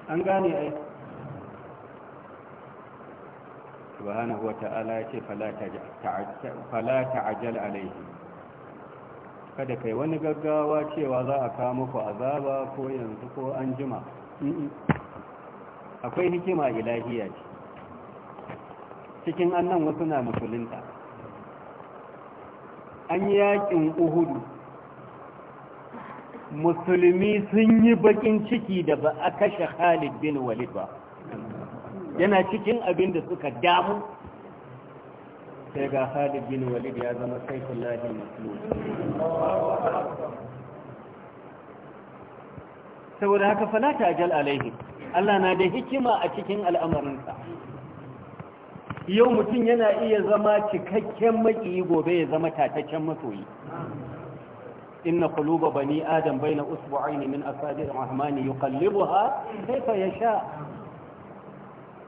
Speaker 2: an gane ai subhanahu wata'ala ya ce fala ta'ajjal alaihi kada kai wani gaggawa cewa za a kawo muku azaba ko yanzu ko an jima akwai hikima ilahiya ce cikin annan wasu na musulunta an yi yakin uhudu musulmi sun yi bakin ciki da ba a kashe khalid bin walid ba yana cikin abin da suka damu sai ga khalid bin walid ya zama saifullahi musulmi saboda haka fala ta ajal alaihi Allah na da hikima a cikin al'amarinsa yau mutum yana iya zama cikakken maki gobe ya zama tataccen masoyi inna quluba bani adam baina usbu'ain min asadir rahmani yuqallibuha kayfa yasha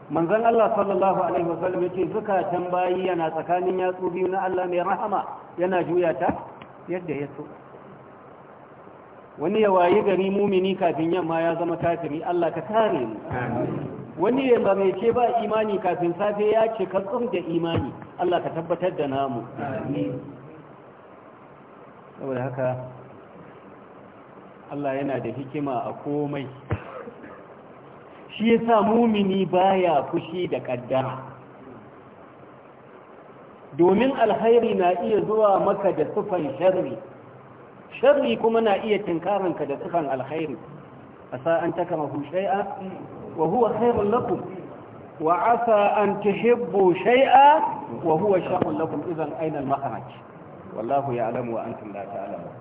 Speaker 2: manzon Allah sallallahu alaihi wasallam yace zakatan bayi yana tsakanin yatsu biyu na Allah mai rahama yana juya ta yadda ya so wani ya wayi gari mumini kafin yamma ya zama kafiri Allah ka tare mu wani ya ce ba imani kafin safe ya ce ka da imani Allah ka tabbatar da namu saboda haka Allah yana da hikima a komai shi yasa mumini baya fushi da kaddara domin alhairi na iya zuwa maka da sufan sharri sharri kuma na iya tinkaranka da sifan alkhairi asa an takarahu shay'a wa huwa khairun lakum wa asa an tuhibbu shay'a wa huwa sharrun lakum idan aina al-makhraj wallahu ya'lamu wa antum la ta'lamun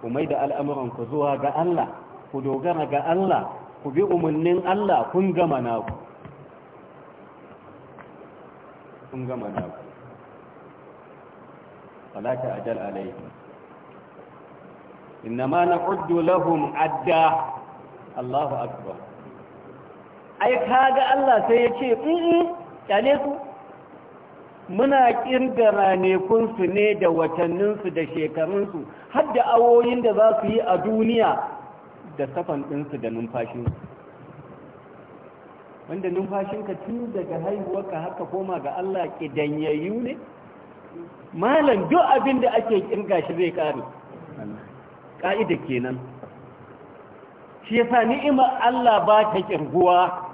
Speaker 2: kuma da al'amuran ku zuwa ga Allah ku dogara ga Allah ku bi umarnin Allah kun gama naku kun gama naku falata ajal alaihi innama na'uddu lahum adda Allahu akbar ai kaga Allah sai ya ce muna ƙirga ranekunsu ne da watanninsu da shekarunsu, har da awoyin da za su yi a duniya da safan din da numfashinsu. wanda numfashinka tun daga haihuwarka haka koma ga Allah kidanyayyu ne malam duk abin da ake kirga shi zai ƙare. ƙa'ida kenan shi sa ni'ima Allah ba ta kirguwa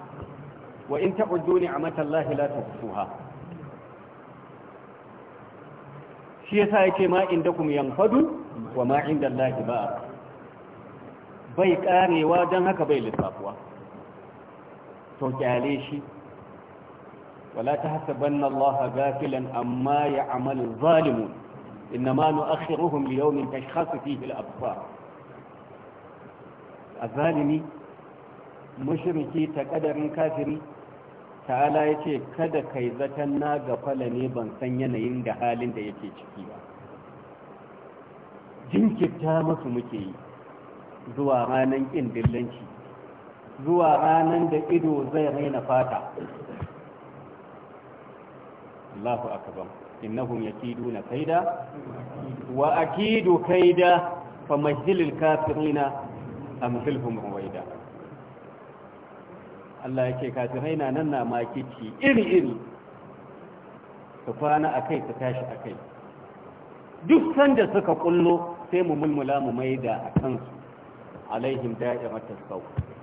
Speaker 2: wa in ta'uddu ni'matallahi la tuhsuha shi yasa yake ma indakum yanfadu wa ma indallahi ba bai karewa dan haka bai lissafuwa to kyale shi wala tahsabanna Allah gafilan amma ya'malu zalimun إنما نؤخرهم ليوم تشخص فيه الأبصار الظالمي ta ƙadarin كافري Tala ya ce kada kai zaton na ga gafala ne ban san yanayin da halin da yake ciki ba jinkirta masu muke yi zuwa ranar ƙin dillanci zuwa ranar da ido zai raina fata innahum yakiduna kaida wa akidu kaida famahilil kafirina amhilhum ruwaida Allah yake kafirai na nan na makici iri-iri su kwana a kai su tashi a kai duk sanda suka kullo sai mu mulmula mu maida a kansu alaihim da'imatar sauku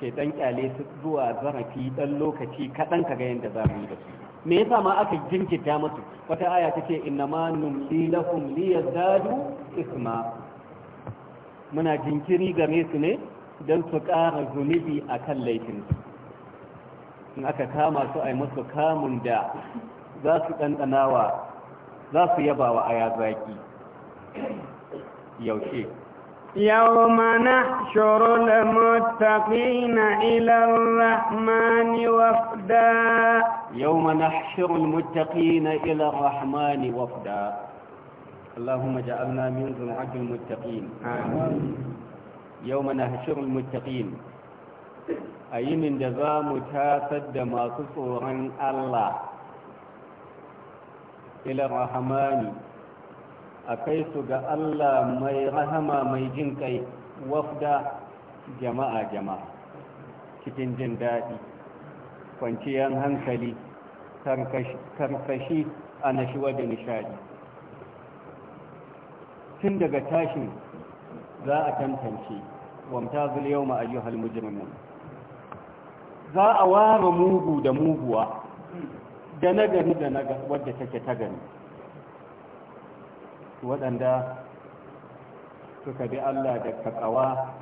Speaker 2: ce dan kyale su zuwa zarafi dan lokaci kaɗan ka ga yadda za mu yi da su me yasa ma aka jinkirta musu wata aya ta ce inna ma numli lakum liyazdadu isma muna jinkiri game su ne don su ƙara zunubi a kan laifinsu in aka kama su a yi musu kamun da za su ɗanɗanawa za su yaba wa aya zaki yaushe يوم نحشر المتقين إلى الرحمن وفدا يوم نحشر المتقين إلى الرحمن وفدا اللهم اجعلنا من ذنعك المتقين آمين يوم نحشر المتقين أي من جزاء متاسد ما تصور الله إلى الرحمن a kai su ga Allah mai rahama mai jin kai wafda jama'a jama'a cikin jin daɗi kwanciyar hankali karkashi a nashiwa da nishadi tun daga tashin za a tantance wamta yau ma'ayyuhal mujrimun za a ware mugu da muguwa da nagari da wadda take ta gani waɗanda suka bi Allah da kakawa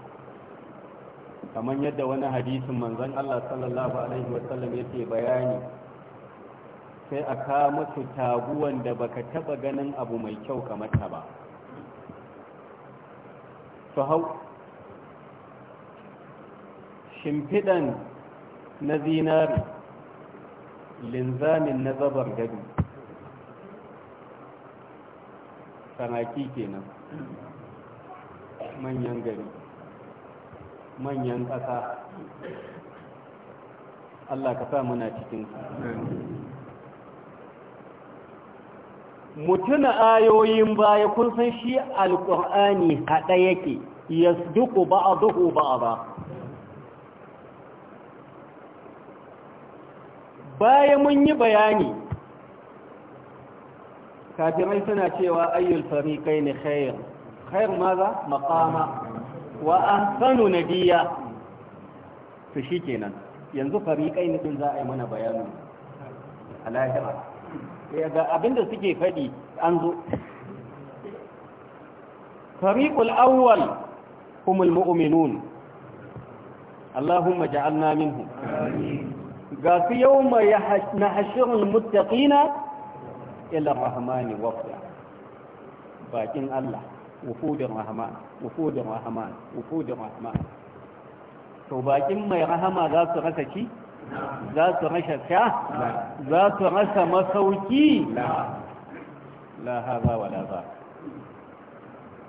Speaker 2: kamar yadda wani hadisin manzon Allah sallallahu alaihi wasallam yake bayani sai a ka musu taguwan da baka taɓa ganin abu mai kyau kamar ta ba su hau shimfiɗan na zinari linzamin na zabar gado saraki kenan manyan gari manyan ƙasa Allah ka sa muna cikin mutuna ayoyin baya kun san shi alƙur'ani haɗa yake yasduku ba'dahu ba'da baya mun yi bayani kafirai suna cewa ayyul fariqai ne khair khair maza maqama wa ahsanu nadiya to shikenan yanzu fariqai ne din za a yi mana bayani a lahira ga abinda suke faɗi an zo fariqul awwal humul mu'minun اللهم اجعلنا منهم
Speaker 1: آمين
Speaker 2: قال يوم يحش... نحشر المتقين ila rahmani wafda bakin Allah wufudin rahman wufudin rahman wufudin rahman to bakin mai rahama za su rasa ci
Speaker 1: za su rasa sha za su rasa masauki
Speaker 2: la haza wa la za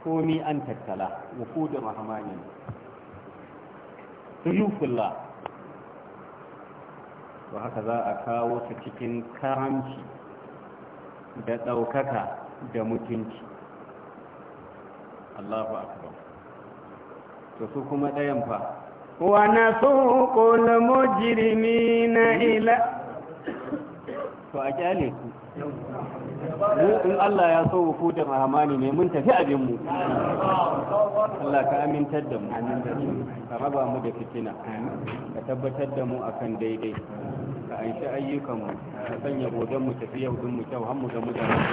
Speaker 2: komi an tattala wufudin rahmani suyufullah to haka za a kawo su cikin karamci da ɗaukaka da mutunci Allahu akbar to su kuma ɗayan fa wa nasuqu lil mujrimina ila to a kyale ku
Speaker 1: mu in Allah
Speaker 2: ya so ku da rahamani ne mun tafi abin mu Allah ka amintar da mu ka raba mu da fitina ka tabbatar da mu akan daidai ka aiki ayyukanmu ka sanya godon mu tafi yau din mu kyau har mu ga mutane